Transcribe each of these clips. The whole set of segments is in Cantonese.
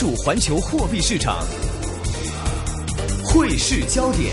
主環球貨幣市場，匯市焦點。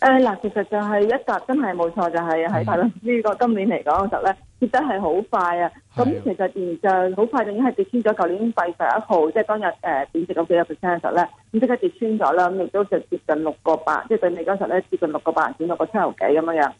誒嗱、就是，其實就係一集，真係冇錯，就係喺大陸呢個今年嚟講嘅時候咧，跌得係好快啊！咁其實現象好快，就已經係跌穿咗。舊年八月十一號，即係當日誒貶值咗幾個 percent 嘅時候咧，咁即刻跌穿咗啦。咁亦都就接近六個八，即係對美金實咧接近6個 8, 6個7六個八，點六個七毫幾咁樣樣。咁、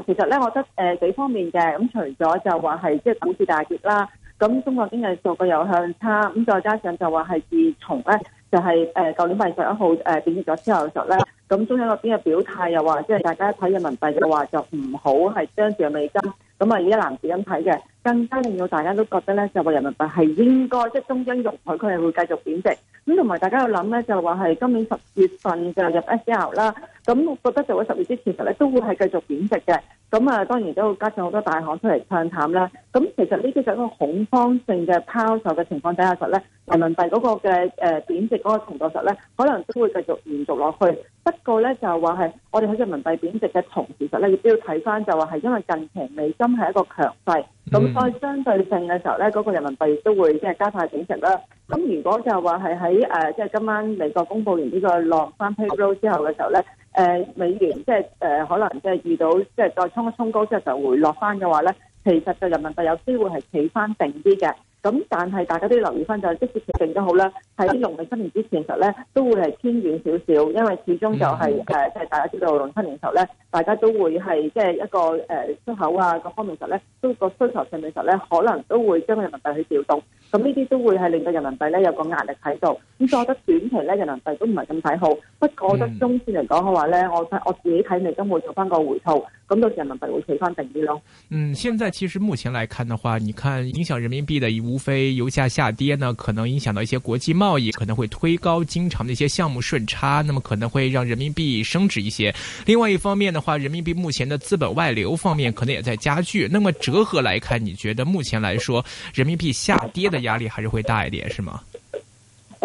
嗯、其實咧，我覺得誒、呃、幾方面嘅。咁除咗就話係即係股市大跌啦，咁中國經濟數據又向差，咁再加上就話係自從咧就係誒舊年八月十一號誒貶值咗之後嘅時候咧。嗯咁中央嗰邊嘅表態又話，即係大家睇人民幣嘅話，就唔好係將住美金。咁啊，依一籃子咁睇嘅，更加令到大家都覺得咧，就話人民幣係應該，即係中央容許佢係會繼續貶值。咁同埋大家要諗咧，就話係今年十月份嘅入 SDR 啦。咁我覺得就會十月之前，其實咧都會係繼續貶值嘅。咁啊，當然都會加上好多大行出嚟唱淡啦。咁其實呢啲就係一個恐慌性嘅拋售嘅情況底下，實咧人民幣嗰個嘅誒貶值嗰個程度，實咧可能都會繼續延續落去。不過咧就話係我哋喺人民幣貶值嘅同時，其實咧亦都要睇翻，就話係因為近期美金係一個強勢，咁所以相對性嘅時候咧，嗰個人民幣都會即係加快貶值啦。咁如果就話係喺誒即係今晚美國公布完呢個落翻 Payroll 之後嘅時候咧，誒美元即係誒可能即係遇到即係再衝一衝高之後就回落翻嘅話咧，其實就人民幣有機會係企翻定啲嘅。咁但係大家都要留意翻，就即使決定咗好啦，喺農曆新年之前實咧都會係偏軟少少，因為始終就係誒即係大家知道農曆新年嘅時候咧，大家都會係即係一個誒出口啊各方面時候咧，都個需求上面時候咧，可能都會將人民幣去調動，咁呢啲都會係令到人民幣咧有個壓力喺度，咁所以我覺得短期咧人民幣都唔係咁睇好，不過我覺得中線嚟講嘅話咧，我睇我自己睇嚟都會做翻個回吐。咁到時人民幣會翻定啲咯。嗯，現在其實目前來看的話，你看影響人民幣的，無非油價下跌呢，可能影響到一些國際貿易，可能會推高經常的一些項目順差，那麼可能會讓人民幣升值一些。另外一方面的話，人民幣目前的資本外流方面可能也在加劇。那麼折合來看，你覺得目前來說，人民幣下跌的壓力還是會大一點，是嗎？誒、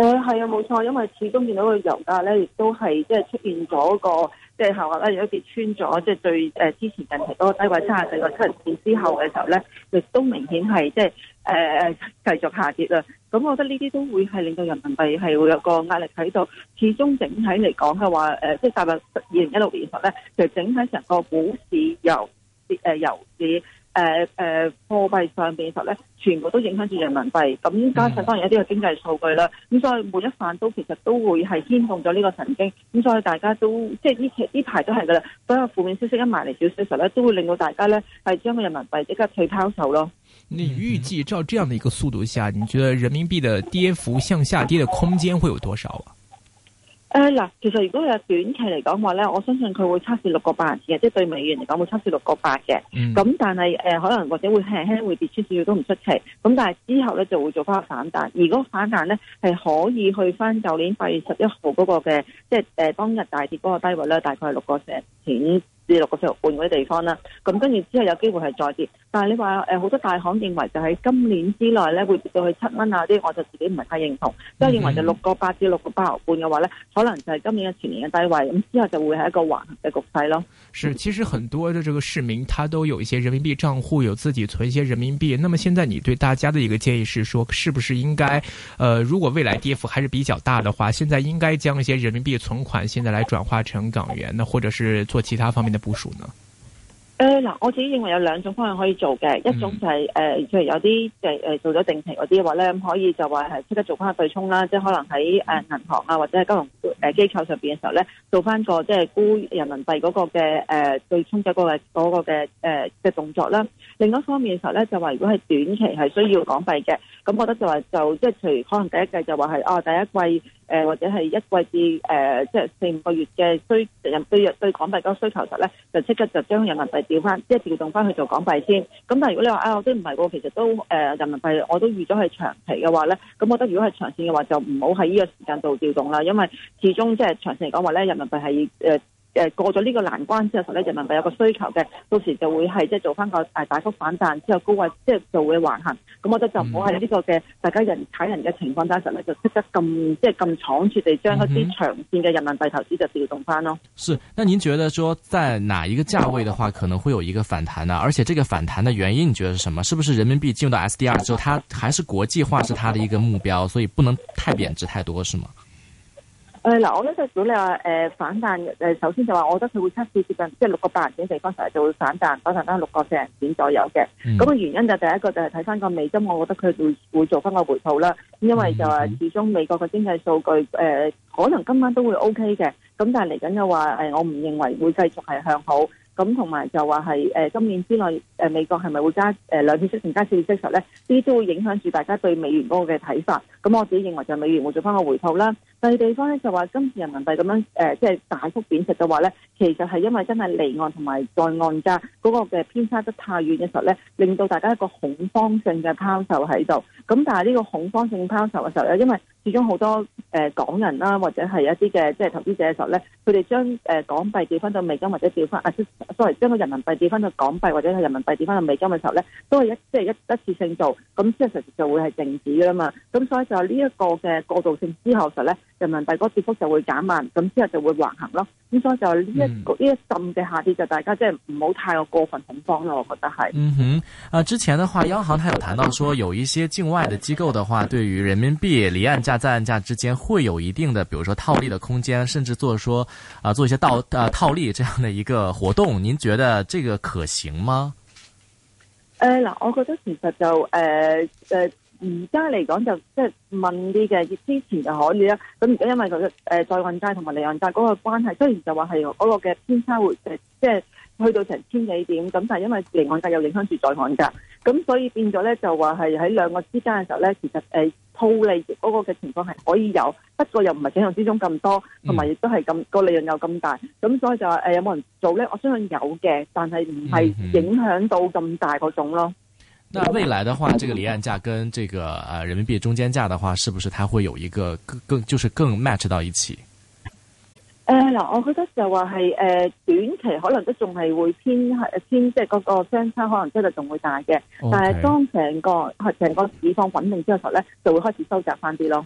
呃，係啊，冇錯，因為始終見到個油價呢，亦都係即係出現咗、那個。即係後話啦，如果跌穿咗，即係最，呃，之前近期嗰個低位差，十四個七日線之後嘅時候咧，亦都明顯係即係誒誒繼續下跌啦。咁我覺得呢啲都會係令到人民幣係會有個壓力喺度。始終整體嚟講嘅話，誒即係踏入二零一六年頭咧，其實整體成個股市由誒由市。誒、呃、誒、呃、貨幣上邊嘅時候咧，全部都影響住人民幣。咁加上當然一啲嘅經濟數據啦，咁所以每一範都其實都會係牽動咗呢個神經。咁所以大家都即係呢呢排都係噶啦，所有負面消息一埋嚟，少少時候咧，都會令到大家咧係將個人民幣即刻退拋售咯。你預計照這樣嘅一個速度下，你覺得人民幣嘅跌幅向下跌嘅空間會有多少啊？誒嗱，其實如果有短期嚟講話咧，我相信佢會測試六個八字嘅，即、就、係、是、對美元嚟講會測試六個八嘅。咁、嗯、但係誒、呃，可能或者會輕輕會跌出少少都唔出奇。咁但係之後咧就會做翻個反彈。如果反彈咧係可以去翻舊年八月十一號嗰個嘅，即係誒當日大跌嗰個低位咧，大概係六個成前至六個四六半嗰啲地方啦。咁跟住之後有機會係再跌。但係你話誒好多大行認為就喺今年之內呢會跌到去七蚊啊啲，我就自己唔係太認同。即、嗯、係認為就六個八至六個八毫半嘅話呢可能就係今年嘅全年嘅低位，咁之後就會係一個橫嘅局勢咯。是，其實很多的這個市民，他都有一些人民幣帳戶，有自己存一些人民幣。那麼現在你對大家的一個建議是，說是不是應該，呃，如果未來跌幅還是比較大的話，現在應該將一些人民幣存款現在來轉化成港元呢，或者是做其他方面的部署呢？誒，嗱，我自己認為有兩種方向可以做嘅，一種就係、是、誒，譬、呃、如有啲即係誒做咗定期嗰啲嘅話咧，可以就話係即刻做翻下對沖啦，即係可能喺誒銀行啊或者係金融誒機構上邊嘅時候咧，做翻個即係沽人民幣嗰個嘅誒、呃、對沖嗰個嘅誒嘅動作啦。另一方面嘅時候咧，就話如果係短期係需要港幣嘅，咁覺得就話就即係，譬如可能第一季就話係哦，第一季誒、呃、或者係一季至誒即係四五個月嘅需人對對港幣嗰個需求實咧，就即刻就將人民幣調翻，即、就、係、是、調動翻去做港幣先。咁但係如果你話啊，我都唔係喎，其實都誒、呃、人民幣我都預咗係長期嘅話咧，咁我覺得如果係長線嘅話就唔好喺呢個時間度調動啦，因為始終即係長線嚟講話咧，人民幣係誒。呃誒過咗呢個難關之後，呢人民幣有個需求嘅，到時就會係即、就係、做翻個大，大幅反彈，之後高位即、就係、就會橫行。咁我覺得就唔好喺呢個嘅大家人踩人嘅情況底下，呢就出得咁即係咁闖竄倉促地將一啲長線嘅人民幣投資就調動翻咯、嗯。是，那您覺得說在哪一個價位的話，可能會有一個反彈呢、啊？而且這個反彈的原因，你覺得是什麼？是不是人民幣進入到 SDR 之後，它還是國際化是它的一個目標，所以不能太貶值太多，是嗎？誒、呃、嗱，我咧就如果你話反彈、呃，首先就話，我覺得佢會測試接近，即係六個八毫錢嘅地方，實係就會反彈，可能得六個四毫錢左右嘅。咁、嗯、個原因就第一個就係睇翻個美金，我覺得佢會，會做翻個回吐啦。因為就係、嗯、始終美國嘅經濟數據、呃，可能今晚都會 OK 嘅。咁但係嚟緊嘅話，呃、我唔認為會繼續係向好。咁同埋就話係、呃、今年之內、呃，美國係咪會加誒兩次息定加四次息實咧？呢啲都會影響住大家對美元嗰個嘅睇法。咁我自己認為就美元會做翻個回吐啦。那個、地方咧就話，今次人民幣咁樣誒，即係大幅貶值嘅話咧，其實係因為真係離岸同埋在岸價嗰個嘅偏差得太遠嘅時候咧，令到大家一個恐慌性嘅拋售喺度。咁但係呢個恐慌性拋售嘅時候咧，因為始終好多誒港人啦，或者係一啲嘅即係投資者嘅時候咧，佢哋將誒港幣調翻到美金或者調翻啊，sorry，將個人民幣調翻到港幣或者係人民幣調翻到美金嘅時候咧，都、就、係、是、一即係一一次性做，咁即係實就會係靜止噶嘛。咁所以就係呢一個嘅過渡性之後實咧。人民幣個跌幅就會減慢，咁之後就會橫行咯。咁所以就呢一呢、嗯、一陣嘅下跌，就大家即係唔好太過過分恐慌咯。我覺得係。嗯哼，啊、呃，之前的話，央行他有談到說，有一些境外的機構的話，對於人民幣離岸價、在岸價之間會有一定的，比如說套利的空間，甚至做說啊、呃、做一些倒啊套利這樣的一個活動。您覺得這個可行嗎？誒、呃，我覺得其實就誒誒。呃呃而家嚟講就即、是、係問啲嘅，之前就可以啦。咁而家因為佢嘅誒在岸價同埋離岸價嗰個關係，雖然就話係嗰個嘅偏差會誒，即係去到成千幾點，咁但係因為離岸價又影響住在岸價，咁所以變咗咧就話係喺兩個之間嘅時候咧，其實誒、呃、套利嗰個嘅情況係可以有，不過又唔係想像之中咁多，同埋亦都係咁個利潤又咁大，咁所以就話誒、呃、有冇人做咧？我相信有嘅，但係唔係影響到咁大嗰種咯。那未來的話，這個離岸價跟這個啊、呃、人民幣中間價的話，是不是它會有一個更更就是更 match 到一起？誒，嗱，我覺得就話係誒短期可能都仲係會偏係偏，即係個相差可能真係仲會大嘅。Okay. 但係當成個開成個市況穩定之後咧，就會開始收窄翻啲咯。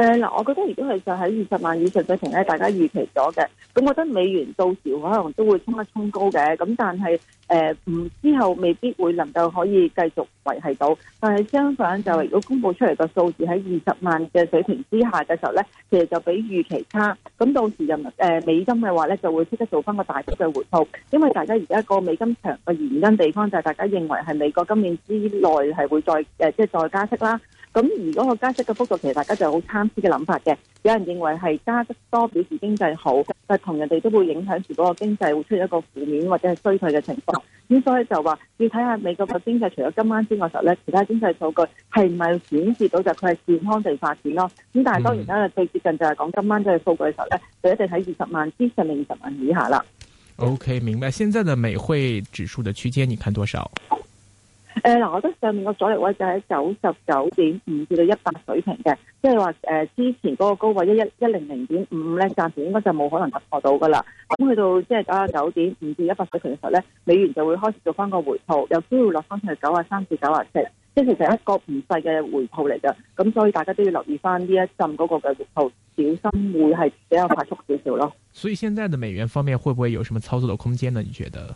誒，嗱，我覺得如果係就喺二十萬以上水平咧，大家預期咗嘅，咁我覺得美元到時可能都會衝一衝高嘅，咁但係，誒、呃，唔之後未必會能夠可以繼續維繫到，但係相反就係如果公佈出嚟個數字喺二十萬嘅水平之下嘅時候咧，其實就比預期差，咁到時就誒、呃、美金嘅話咧，就會即刻做返個大幅嘅回吐，因為大家而家個美金強嘅原因地方就係大家認為係美國今年之內係會再誒即係再加息啦。咁如果個加息嘅幅度，其實大家就好參差嘅諗法嘅。有人認為係加得多表示經濟好，但係同人哋都會影響住嗰個經濟，會出現一個負面或者係衰退嘅情況。咁所以就話要睇下美國嘅經濟，除咗今晚之外時候咧，其他經濟數據係唔係顯示到就佢係健康地發展咯。咁但係當然啦、嗯，最接近就係講今晚即係數據嘅時候咧，就一定喺二十萬之上嘅二十萬以下啦。OK，明白。現在嘅美匯指數嘅區間，你看多少？誒，嗱，我覺得上面個阻力位就喺九十九點五至到一百水平嘅，即係話誒之前嗰個高位一一一零零點五咧，暫時應該就冇可能突破到噶啦。咁去到即係九啊九點五至一百水平嘅時候咧，美元就會開始做翻個回吐，有機會落翻去九啊三至九啊四，即係其實一個唔細嘅回吐嚟嘅。咁所以大家都要留意翻呢一陣嗰個嘅回吐，小心會係比較快速少少咯。所以現在嘅美元方面，會唔會有什麼操作嘅空間呢？你覺得？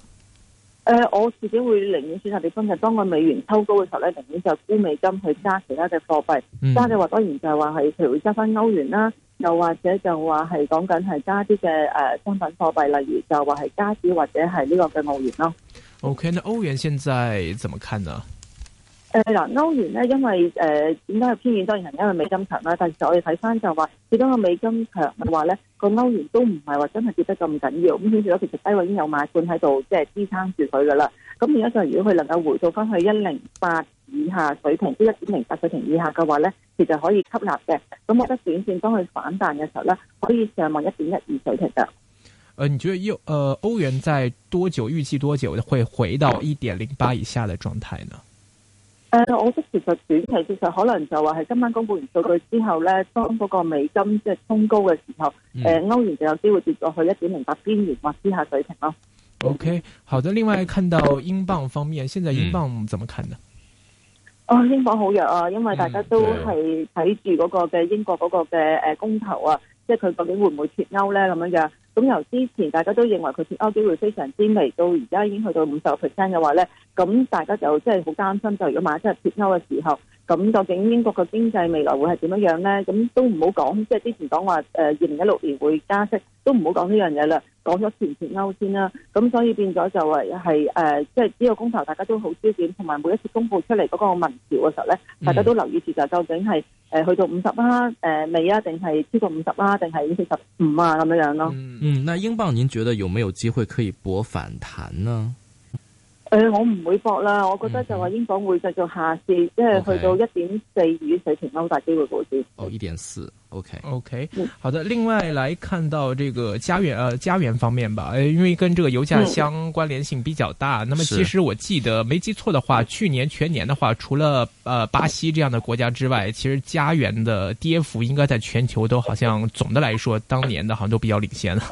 誒、嗯、我自己會寧願選擇嘅地方，當個美元抽高嘅時候咧，寧願就沽美金去加其他嘅貨幣。加嘅話當然就係話係佢會加翻歐元啦，又或者就話係講緊係加啲嘅誒商品貨幣，例如就話係加紙或者係呢個嘅澳元咯。OK，那歐元現在怎麼看呢？誒，嗱，歐元咧，因為誒點解係偏軟？當然係因為美金強啦。但係其實我哋睇翻就話，始終個美金強嘅話咧，個歐元都唔係話真係跌得咁緊要。咁顯示咗其實低位已經有買盤喺度，即係支撐住佢㗎喇。咁而家就如果佢能夠回到翻去一零八以下水平，即係一點零八水平以下嘅話咧，其實可以吸納嘅。咁我覺得短線當佢反彈嘅時候咧，可以上望一點一二水平嘅。誒、呃，你覺得歐誒、呃、歐元在多久預計多久會回到一點零八以下嘅狀態呢？誒，我覺得其實短期，其實可能就話係今晚公布完數據之後咧，當嗰個美金即係衝高嘅時候，誒，歐元就有機會跌落去一點零八邊緣或之下水平咯。OK，好的。另外，看到英鎊方面，現在英鎊怎麼看呢？哦，英鎊好弱啊，因為大家都係睇住嗰個嘅英國嗰個嘅誒公投啊，即係佢究竟會唔會脫歐咧咁樣樣。咁由之前大家都認為佢脫歐機會非常之微，到而家已經去到五十個 percent 嘅話咧，咁大家就即係好擔心，就如果萬一真係脫歐嘅時候。咁究竟英國嘅經濟未來會係點樣樣咧？咁都唔好講，即係之前講話誒二零一六年會加息，都唔好講呢樣嘢啦。講咗全脫歐先啦、啊，咁所以變咗就係、是、誒、呃，即係呢個公投大家都好焦點，同埋每一次公布出嚟嗰個民調嘅時候咧，大家都留意住就究竟係誒、嗯、去到五十啦，誒、呃、未啊？定係超過五十啊？定係四十五啊？咁樣樣、啊、咯。嗯，那英鎊，您覺得有冇機會可以搏反彈呢？誒、欸，我唔會搏啦，我覺得就話英鎊會繼續下跌，因、嗯、為去到一點四二水平歐大機會股市。哦，一點四，OK，OK，好的。另外來看到這個加元，呃加元方面吧，誒，因為跟這個油價相關聯性比較大。嗯、那麼其實我記得，沒記錯的話，去年全年的話，除了呃巴西這樣的國家之外，其實加元的跌幅應該在全球都好像總的來說當年的好像都比較領先了、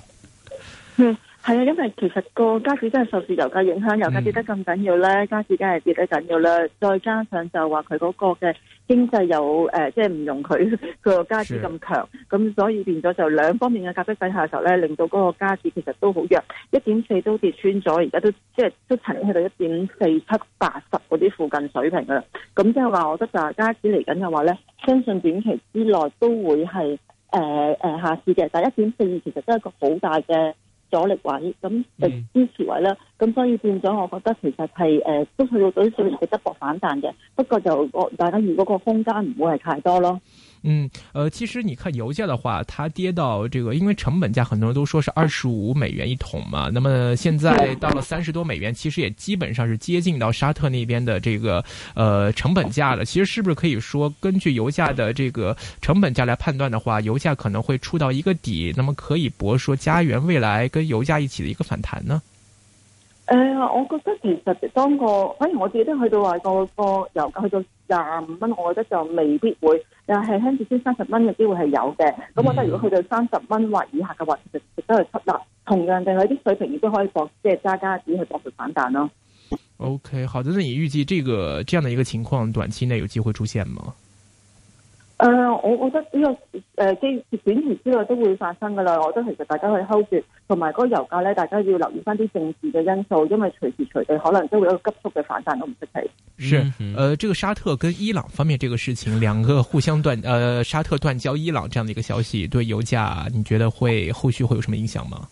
嗯係啊，因為其實個加紙真係受住油價影響，油價跌得咁緊要咧，加紙梗係跌得緊要啦。再加上就話佢嗰個嘅經濟又誒，即係唔容佢，佢個加紙咁強，咁所以變咗就兩方面嘅壓力底下嘅時候咧，令到嗰個加紙其實都好弱，一點四都跌穿咗，而家都即係、就是、都曾經去到一點四七八十嗰啲附近水平噶啦。咁即係話，我覺得就係加紙嚟緊嘅話咧，相信短期之內都會係誒誒下市嘅。但係一點四二其實都係一個好大嘅。阻力位，咁就支持位啦。Mm. 咁所以變咗，我覺得其實係誒都去到對少少嘅德國反彈嘅，不過就我大家預嗰個空間唔會係太多咯。嗯，誒、呃，其實你看油價的話，它跌到這個，因為成本價很多人都說是二十五美元一桶嘛，那麼現在到了三十多美元，其實也基本上是接近到沙特那邊的這個誒、呃，成本價了。其實是不是可以說，根據油價的這個成本價來判斷的話，油價可能會觸到一個底，那麼可以博說加元未來跟油價一起的一個反彈呢？誒、哎，我覺得其實當個，反而我自己都去到話個個油價去到廿五蚊，我覺得就未必會，但係輕至先三十蚊嘅機會係有嘅。咁我覺得如果去到三十蚊或以下嘅話，其實亦都係出啦。同樣地，佢啲水平亦都可以博，即係揸揸子去博佢反彈咯。OK，好的，那你預計這個這樣的一個情況，短期內有機會出現嗎？誒、呃，我覺得呢、這個誒、呃、短期之外都會發生噶啦。我覺得其實大家去 hold 住，同埋嗰個油價咧，大家要留意翻啲政治嘅因素，因為隨時隨地可能都會有個急速嘅反彈都唔識睇，是，呃這個沙特跟伊朗方面，這個事情兩個互相斷，呃沙特斷交伊朗，這樣的一個消息，對油價，你覺得會後續會有什麼影響嗎？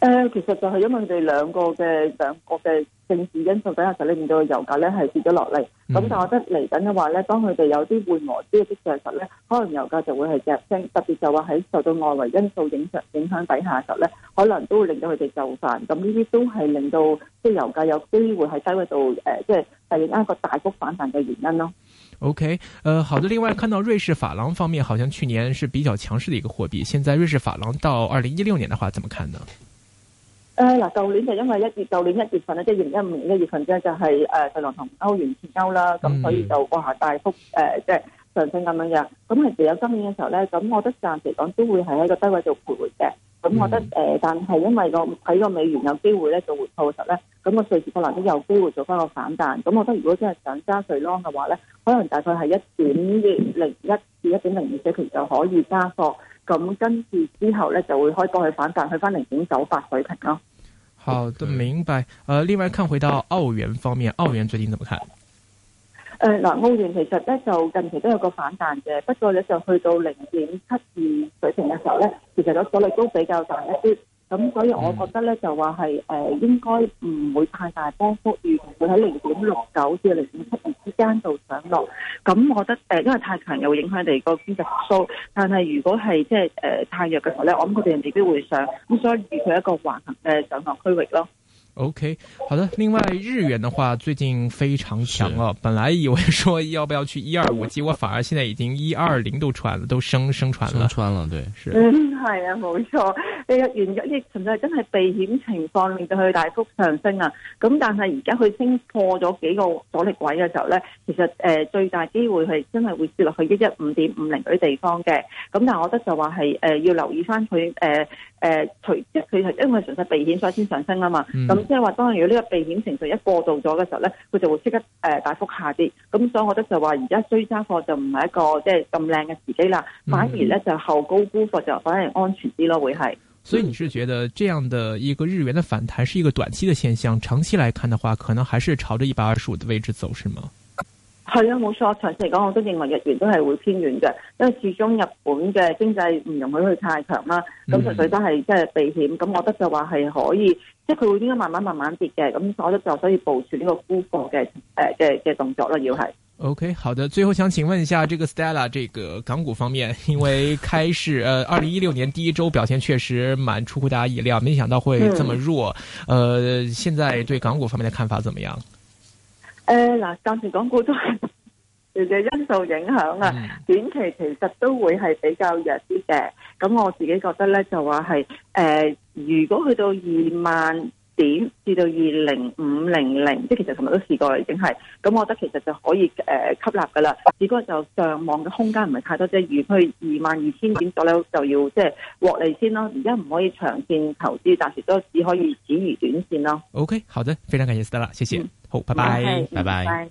誒、呃，其實就係因為佢哋兩個嘅兩個嘅政治因素底下，就令到個油價咧係跌咗落嚟。咁、嗯、但係我覺得嚟緊嘅話咧，當佢哋有啲緩和啲嘅跡象實咧，可能油價就會係弱升。特別就話喺受到外圍因素影響影響底下實咧，可能都會令到佢哋就範。咁呢啲都係令到即係油價有機會喺低位度誒，即、呃、係、就是、突然間一個大幅反彈嘅原因咯。OK，誒、呃，好的。另外，看到瑞士法郎方面，好像去年是比較強勢嘅一個貨幣。現在瑞士法郎到二零一六年嘅話，怎麼看呢？誒嗱，舊年就因為一月，舊年一月份咧，即係二零一五年一月份咧，就係誒瑞郎同歐元脫鈎啦，咁所以就哇大幅誒即係上升咁樣樣。咁其實有今年嘅時候咧，咁我覺得暫時講都會係喺個低位度徘徊嘅。咁我覺得誒，但係因為個喺個美元有機會咧做回吐嘅時候咧，咁個瑞士法郎都有機會做翻個反彈。咁我覺得如果真係想加瑞郎嘅話咧，可能大概係一點零一至一點零二水平就可以加貨。咁跟住之後咧，就會開波去反彈，去返零點九八水平咯。好都明白。呃，另外看回到澳元方面，澳元最近點睇？誒、呃、嗱，澳元其實咧就近期都有個反彈嘅，不過咧就去到零點七二水平嘅時候咧，其實嗰阻力都比較大一啲。咁所以我覺得咧就話係誒應該唔會太大波幅，預同會喺零點六九至零點七二之間度上落。咁我覺得誒、呃、因為太強又會影響你個經濟復甦，但係如果係即係誒太弱嘅時候咧，我諗佢哋未必都會上。咁所以佢係一個橫行嘅上落區域咯。O、okay, K，好的。另外日元的話最近非常強啊。本來以為說要不要去一二五，結果我反而現在已經一二零都穿，都升升穿，升穿了。對，是嗯，係啊，冇錯。日元日純粹真係避險情況令到佢大幅上升啊。咁但係而家佢升破咗幾個阻力位嘅時候咧，其實誒、呃、最大機會係真係會跌落去一一五點五零嗰啲地方嘅。咁但係我覺得就話係誒要留意翻佢誒誒，除即係佢係因為純粹避險所以先上升啊嘛。咁、嗯嗯即係話，當然如果呢個避險情緒一過度咗嘅時候咧，佢就會即刻誒大幅下跌。咁所以我覺得就話而家追揸貨就唔係一個即係咁靚嘅時機啦，反而咧、嗯、就後高沽貨就反而安全啲咯，會係。所以你是覺得這樣的一個日元嘅反彈是一個短期嘅現象，長期來看的話，可能還是朝着一百二十五的位置走，是嗎？係啊，冇錯。長期嚟講，我都認為日元都係會偏軟嘅，因為始終日本嘅經濟唔容許佢太強啦。咁就在都係即係避險。咁我覺得就話係可以，即係佢會應該慢慢慢慢跌嘅。咁所以就所以部署呢個沽貨嘅誒嘅嘅動作啦，要係。OK，好的。最後想請問一下，這個 Stella，這個港股方面，因為開市，呃，二零一六年第一周表現確實滿出乎大家意料，沒想到會這麼弱，嗯。呃，現在對港股方面的看法怎麼樣？誒、呃，嗱，暫時港股都係嘅因素影響啊，短期其實都會係比較弱啲嘅。咁我自己覺得咧，就話係，誒、呃，如果去到二萬。點至到二零五零零，即係其實琴日都試過啦，已經係。咁我覺得其實就可以誒、呃、吸納噶啦，只不過就上望嘅空間唔係太多啫。如去二萬二千點左右，就要即係獲利先咯。而家唔可以長綫投資，暫時都只可以止於短綫咯。O、okay, K，好的，非常感謝 Stella，謝謝，嗯、好，拜拜，okay，拜拜。